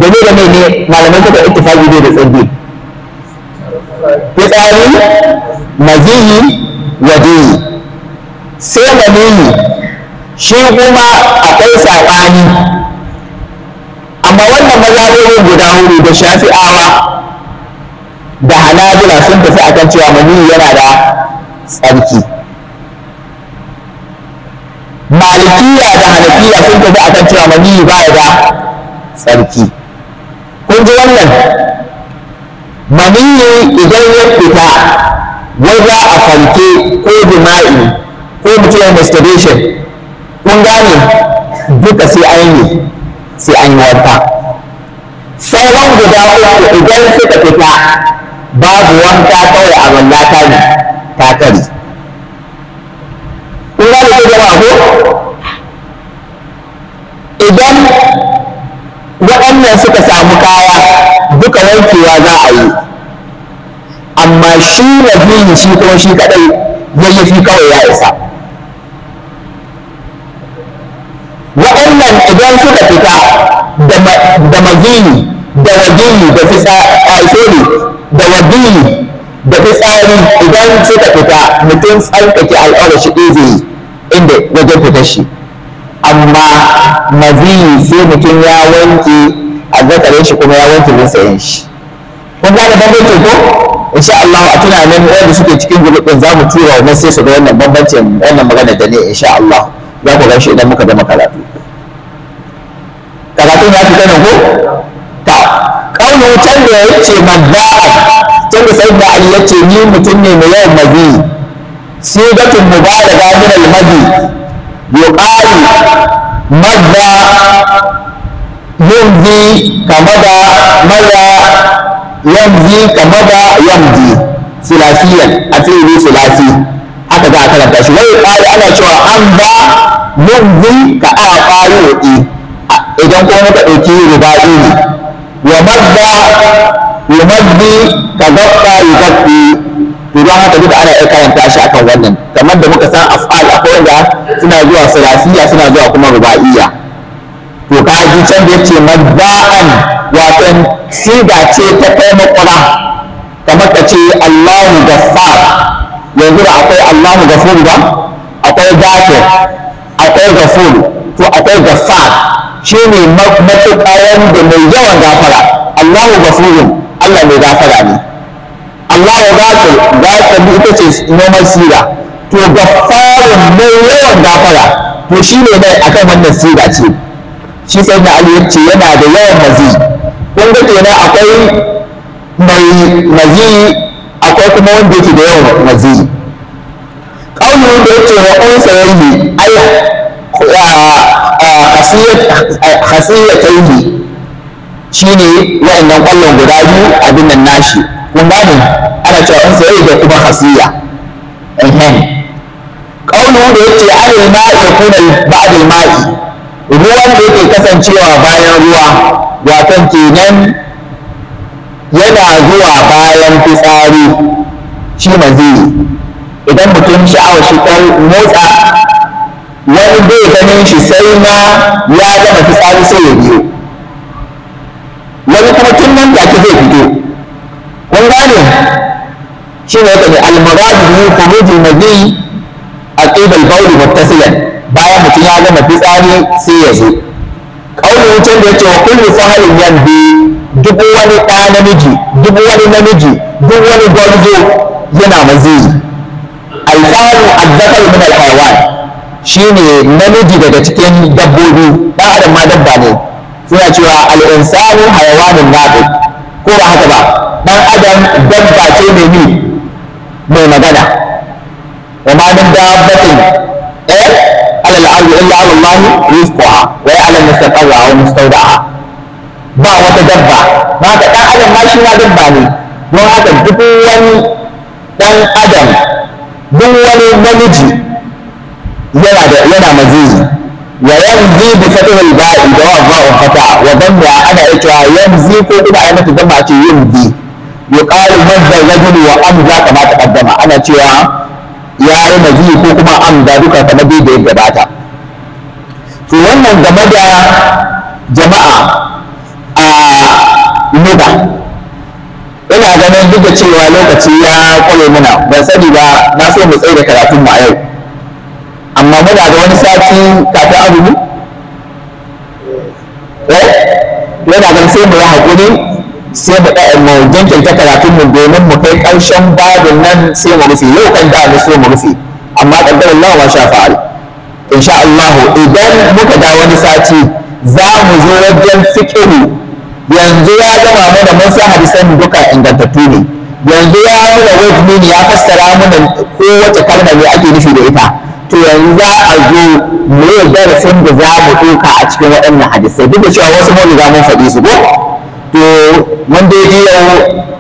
domin da mai ne malaman suka ittifaqi bai da tsarki fitsari maziyi wajeyi sai maniyi shi kuma akwai saɓani amma wannan mazhabobin guda hudu da shafi'awa da hanabila sun tafi akan cewa maniyi yana da tsarki malikiya da hanafiya sun tafi akan cewa maniyi baya da tsarki kun ji wannan maniyi idan ya fita wajen a farke ko jima'i ko mutum masturbation kun gane duka sai an yi sai an yi wata sauran guda uku idan suka fita babu wanka kawai a wanda ta ne ta kari kun gane ko jama'a ko idan waɗannan suka samu kaya duka wankewa za a yi amma shi na shi kuma shi kaɗai yayyafi kawai ya isa waɗannan idan suka fita da mazini da wajini da fitsari da wajini da tsari idan suka fita mutum tsarkake al'aurar shi ɗin zai inda wajen fita shi amma mazini sai mutum ya wanke a zakarin shi kuma ya wanke musayin shi kun gane bambancin ko sha Allah a tunanin wanda suke cikin gulubin za mu tura wannan sai su ga wannan bambancin wannan magana da ne sha Allah za ku gan shi idan muka gama karatu karatun ya fita nan ko ta kaunu can da ya ce madda'an can da sai da ali ya ce ni mutum ne mai yawan mazi sigatun mubalaga min al-madi yuqalu madda yanzi kamada mada yanzi kamada yanzi silasiyan a fili silasi Aka za a karanta shi wai ƙari ana cewa an ba mubbi ka a ƙari waɗi idan kuma muka ɗauki ribaɗi ne wa madda yumaddi ka gaffa to don haka duka ana iya karanta shi akan wannan kamar da muka san af'al akwai wanda suna zuwa salasiya suna zuwa kuma ruba'iyya to ka ji can da yace madda'an watan siga ce ta kai makura kamar ka ce Allahu gaffar yanzu da akwai Allahu gafur ba akwai gafir akwai gafur to akwai gafar shi ne matuƙa wanda mai yawan gafara Allahu gafurun Allah mai gafara ne Allahu gafir gafir ita ce noman sira to gafarin mai yawan gafara to shi ne mai akan wannan sira ce shi sai da Ali ce yana da yawan mazi kun ga akwai mai mazi akwai kuma wanda yake da yawan mazi ƙaunin da yake wa unsa yayi ai ne shine wa'annan ƙwallon guda biyu abin nan nashi kun gane ana cewa ya yi da kuma hasiya ehem ƙaunin da yake alil ma'i kuna ba'adin ma'i ruwan da yake kasancewa bayan ruwa wato kenan yana zuwa bayan fitsari shi mazini idan mutum sha'awar shi ɗan motsa wani bai ganin shi sai ma ya gama fitsari sai ya biyo wani kuma tun nan take zai fito kun gane shi ne wata ne almuradu bi khuruji mazi a al-bawl muttasilan bayan mutum ya gama fitsari sai ya zo kaulin wucin da ya ce wa kullum sahalin biyu. duk wani ɗa namiji duk wani namiji duk wani gwarzo yana maziyi alfaru azzakar min alhaiwan ne namiji daga cikin dabbobi ɗan adam ma dabba ne suna cewa al'insanu hayawanin naɗi ko ba haka ba ɗan adam dabba ce mai ni mai magana wa ma min dabbatin eh alal ardi illa ala allah rizquha wa mustaqarraha wa ba wata dabba ba ka ɗan adam ma shi ma dabba ne don haka duk wani ɗan adam duk wani namiji yana da yana mazizi wa yanzu bi fatihul ba'i da wa ba'u fata wa dabba ana ita yanzu ko kuma ai mata damma ce yanzu yuqalu madda rajulu wa ka mata taqaddama ana cewa ya yi mazizi ko kuma amza duka ka mabi da ya gabata to wannan game da jama'a nuba ina ganin duk da cewa lokaci ya kware muna ban sani ba na so mu tsaye da karatun mu a yau amma muna da wani sati kafin azumi eh yana ganin sai mu yi hakuri sai mu ɗaya mu jinkirta karatun mu domin mu kai ƙarshen babin nan sai mu rufe yau kan da mu so mu rufe amma ƙaddar Allah wa sha fa'al insha Allah idan muka da wani sati za mu zo wajen fikiri yanzu ya gama mana mun san hadisan duka ingantattu ne yanzu ya nuna wajen ya fassara mana kowace kalma ne ake nufi da ita to yanzu za a zo mu yi darasin da za mu ɗauka a cikin waɗannan hadisai duk da cewa wasu mun riga mun faɗi su ko to mun dai yau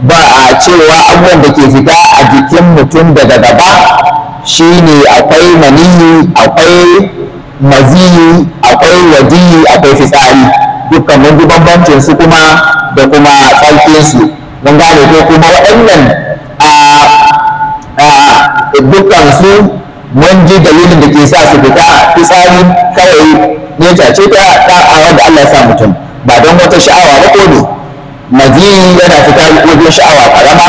ba a cewa abubuwan da ke fita a jikin mutum daga gaba shine akwai maniyi akwai maziyi akwai wajiyi akwai fitsari dukkan mun bambancin su kuma da kuma tsarkin su mun gane ko kuma waɗannan a dukkan su mun ji dalilin da ke sa su fita fitsari kawai ne ce ta ta da Allah ya sa mutum ba don wata sha'awa ba ko ne maziyi yana fita wajen sha'awa karama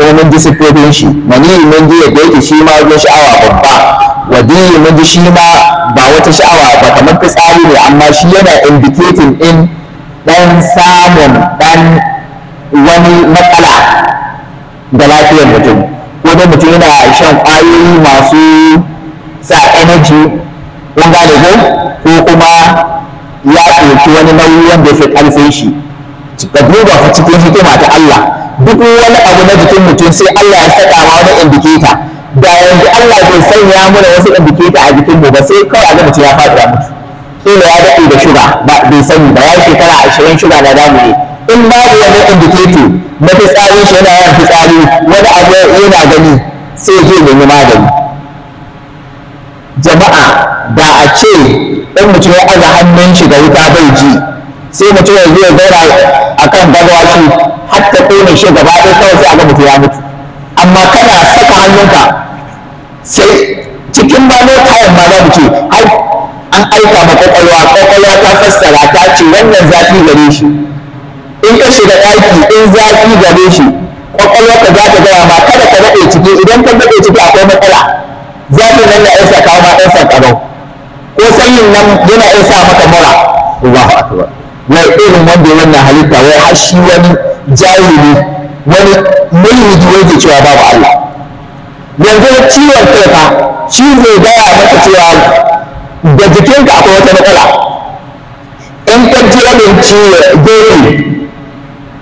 ko mun ji siffofin shi mani mun ji yadda yake shi ma wajen sha'awa babba wadiyi mun ji shi ma ba wata sha'awa ba kamar fitsari ne amma shi yana indicating in dan samun dan wani matsala da lafiyar mutum ko da mutum yana shan ƙwayoyi masu sa energy kun gane ko ko kuma ya ɗauki wani nauyi wanda ya ƙarfin shi ka duba fa cikin hikima ta Allah duk wani abu na jikin mutum sai Allah ya saka ma wani indicator da yanzu Allah bai sanya mana wasu indicator a jikin mu ba sai kawai a ga ya faɗi ya mutu kila ya daɗe da shuga ba bai sani ba ya shekara ashirin shuga na damu ne in babu wani indicator na fitsari shi yana yawan fitsari wani abu yana gani sai ya je nemi magani jama'a da a ce in mutum ya aza hannun shi da wuta bai ji sai mutum ya zo ya a akan gagawa shi har ta kone shi gaba ɗaya kawai sai a ga mutum ya mutu amma kana saka hannunka sai cikin ba no time ma za ce an aika ma kwakwalwa kwakwalwa ta fassara ta ce wannan zafi gare shi in ka shiga ɗaki in zafi gare shi kwakwalwa ka za ta gaya ma kada ka daɗe ciki idan ka daɗe ciki akwai matsala zafin nan na isa kawo ma ɗan sankarau ko sanyin nan yana isa maka mura Allahu akbar wai irin wanda wannan halitta wai har shi wani jahili wani mulhidi yake cewa babu Allah yanzu ciwon kai ka shi zai gaya maka cewa da jikinka akwai wata matsala in ka ji rabin ciwo gefe game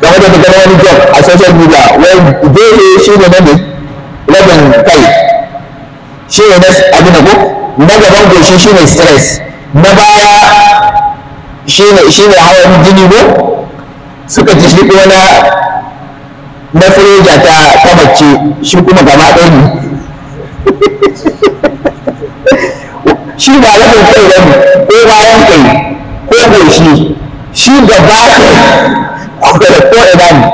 da daga wani job a social media wai gefe shi ne na rabin kai shi ne na abin da ko na gaban goshi shi ne stress na baya shi ne hawan jini ko suka ji shi na na fireja ta ta shi kuma gaba ɗaya shi ba rabin kai ba ne ko bayan kai ko goshi shi gaba ɗaya ko ina ne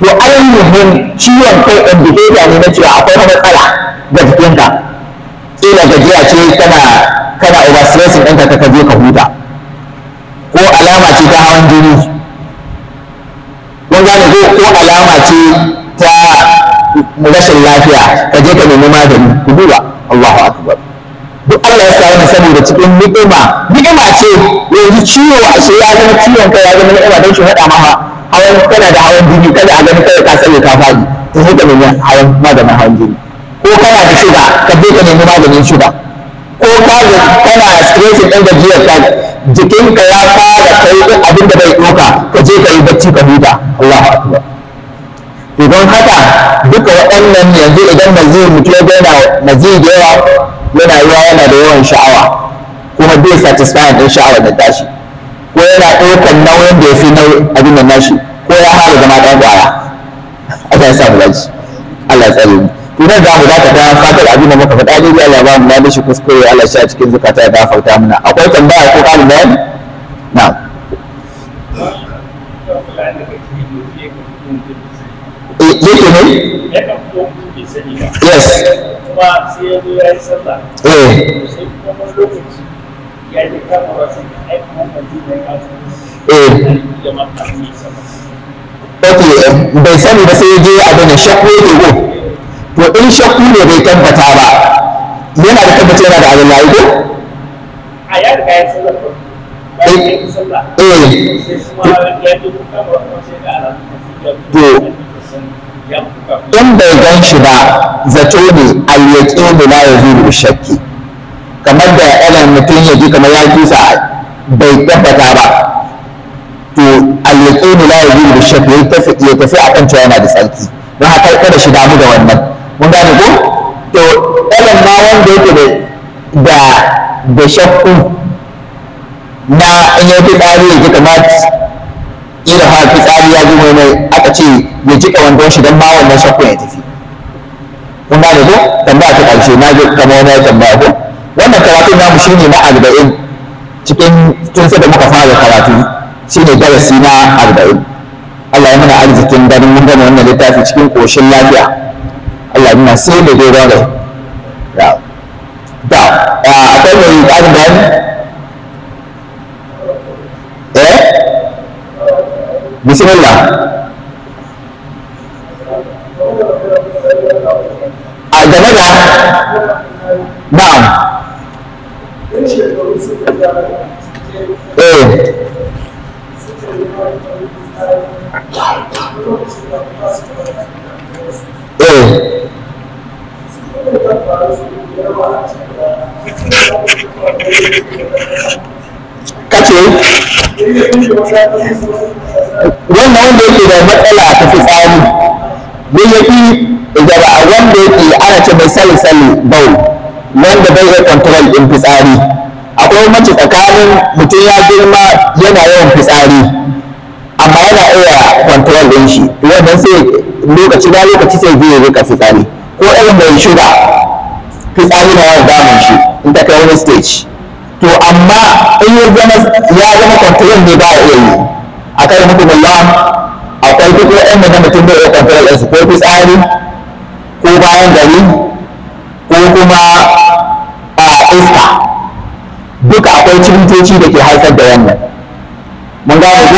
to ainihin ciwon kai ke ne na cewa akwai matsala ga jikinka kila gajiya ce kana kana overstressing ɗanka ka je ka huta ko alama ce ta hawan jini kun gane ko ko alama ce ta rashin lafiya ka je ka nemi magani ku duba Allahu akbar duk Allah ya sa yana saboda cikin ni'ima ni'ima ce yanzu ciwo a shi ya zama ciwon kai ya zama ni'ima don shi hada maka hawan kana da hawan jini kada a gani kai ka sani ka fadi to sai ka nemi hawan maganin hawan jini ko kana da shuga ka je ka nemi maganin shuga ko ka kana stressing din gajiyar ka jikinka ya fara kai abin da bai doka ka je ka yi ba. idan mazi mutum ya daina mazi da yawa yana yawa yana da yawan sha'awa kuma bai satisfying din sha'awa da tashi ko yana ɗaukar nauyin da ya fi nauyin abin da nashi ko ya hada zama ɗan ƙwaya Allah ya sa mu Allah tsari tsare mu to nan za mu zaka ta fatar abin da muka faɗa ne Allah ba mu da shi kuskure Allah shi a cikin zukata ya gafarta mana akwai tambaya ko ƙarin bayani na'am eh, yake ne sani ba yes kuma sai ya zo ya yi sallah eh sai kuma wani lokaci ya kama sai ya eh ne ok bai sani ba sai je shakku ne ko to in shakku ne bai tabbata ba yana da tabbata yana da abin a ya riga ya eh sai kuma ya kama sai alamu to in bai gan shi ba zato ne alyaƙi ne na ya zuru shakki kamar da yana mutum ya ji kamar ya sa bai tabbata ba to alyaƙi ne na ya zuru shakki ya tafi a kan cewa yana da tsarki don haka kada shi damu da wannan mun gane ko to ɗalan ma wanda yake da da shakku na in yake fi tsari ya ji kamar kila har fitsari ya zubo mai aka ce ya jika wandon shi don ma wannan shakkun ya tafi kun gane ko tambaya ta ƙarshe na ji kamar na tambaya ko wannan karatu namu shi ne na arba'in cikin tun da muka fara karatu shi ne darasi na arba'in Allah ya mana arzikin ganin mun gama wannan littafi cikin ƙoshin lafiya Allah ya sai da dogon rai da akwai mai ƙarin bayani bismillah a game na'am eh. eh. kace wannan wanda yake da matsala ta fitsari mun fi gaba a wanda yake ana ce mai sali sali bau wanda bai iya control ɗin fitsari akwai mace tsakanin mutum ya girma yana yawan fitsari amma yana iya control ɗin shi wannan sai lokaci na lokaci sai zai rika fitsari ko irin mai shuga fitsari na yawan damun shi in ta kai wani stage to amma in ya zama ya ne ba ya iya yi akan hukumullah akwai duk waɗanda na mutum bai iya kwantar da su ko fitsari ko bayan gari ko kuma a iska duka akwai cikintoci da ke haifar da wannan mun gane ko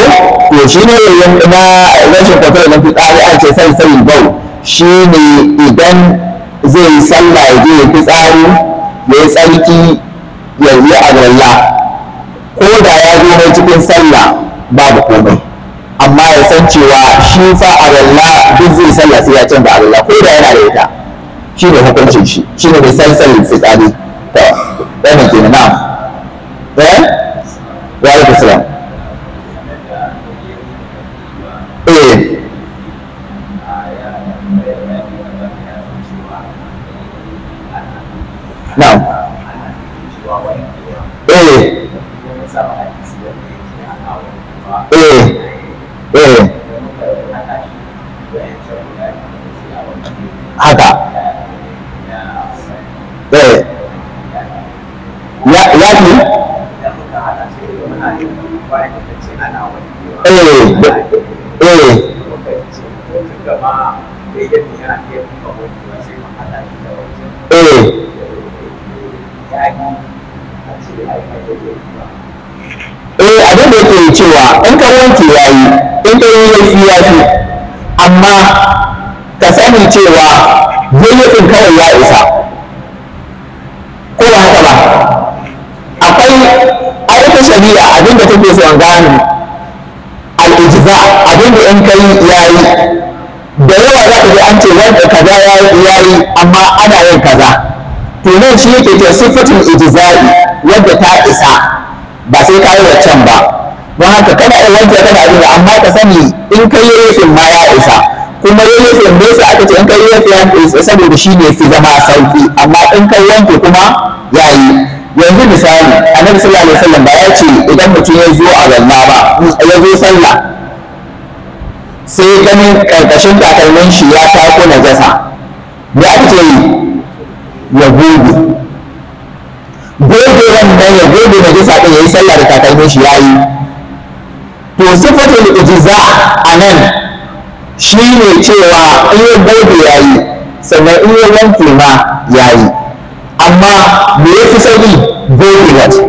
to shi ne rashin kwantar da fitsari an ce sai sai bau shi ne idan zai yi sallah ya je ya fitsari ya yi tsarki ya yi agwalla ko da ya zo cikin sallah babu komai amma ya san cewa shi fa a aralla duk zai sallah sai ya canza aralla ko da yana da ita shi ne hukuncin shi shi ne misalin sallar fitsari wanke ya yi in ɗaya laifi ya fi amma ka sani cewa zayyafin kawai ya isa ko ba haka ba akwai ayyukan shari'a abinda take so gani al'ijiza abinda in kai ya yi da yawa za ka ji an ce wanda kaza ya yi amma ana yin kaza to nan shi yake ke sufatin ijiza'i wadda ta isa ba sai ka yi waccan ba don haka kana yin wanke kana abin amma ka sani in ka yi yafin ma ya isa kuma yi yafin bai sa aka ce in ka yi yafin saboda shi ne fi zama sauki amma in ka wanke kuma ya yi yanzu misali annabi sallallahu alaihi wasallam ba ya ce idan mutum ya zo a zanna ba ya zo sallah sai ganin karkashin takalmin shi ya tako najasa me aka ce yi ya gobe gobe wannan ya gobe najasa ɗin ya yi sallah da takalmin shi ya yi to sifatul ijza anan shine cewa in ya gode yayi sannan in ya wanke ma yayi amma me yafi sauki godiya ce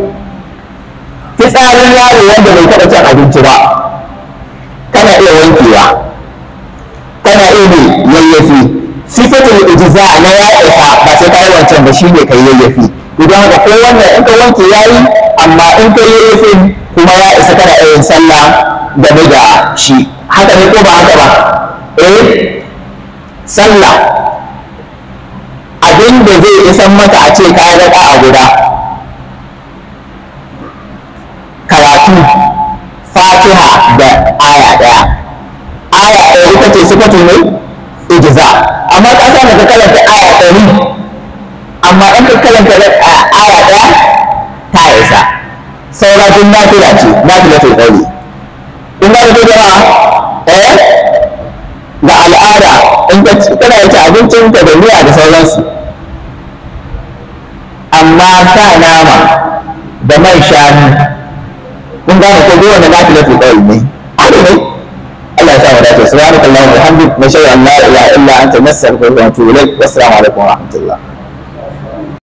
fitsarin yaro wanda bai taɓa cin abinci ba kana iya wankewa kana iya ne yayyafi sifatul ijza na yaƙi ba sai kai wancan ba shine kai yayyafi idan haka ko wannan in ka wanke yayi amma in ka yayyafi kuma ya isa kana yin sallah game da shi haka ne ko ba haka ba eh sallah abin da zai isa maka a ce ka raka a guda karatu fatiha da aya daya aya ɗaya ita ce sifatu ne ijiza amma ka sa ka kalanta aya ɗari amma in ka karanta aya ɗaya ta isa saura tun nafila ce nafila ce ɗauri in ba da ta jama'a eh da al'ada in ka kana abincin ka da miya da sauransu amma sa nama da man shanu kun gane ko kowane nafila ce ɗauri ne ne Allah ya sa mu dace subhanakallahumma wa bihamdika nashhadu an la ilaha illa anta nastaghfiruka wa natubu ilayk wassalamu alaikum wa rahmatullah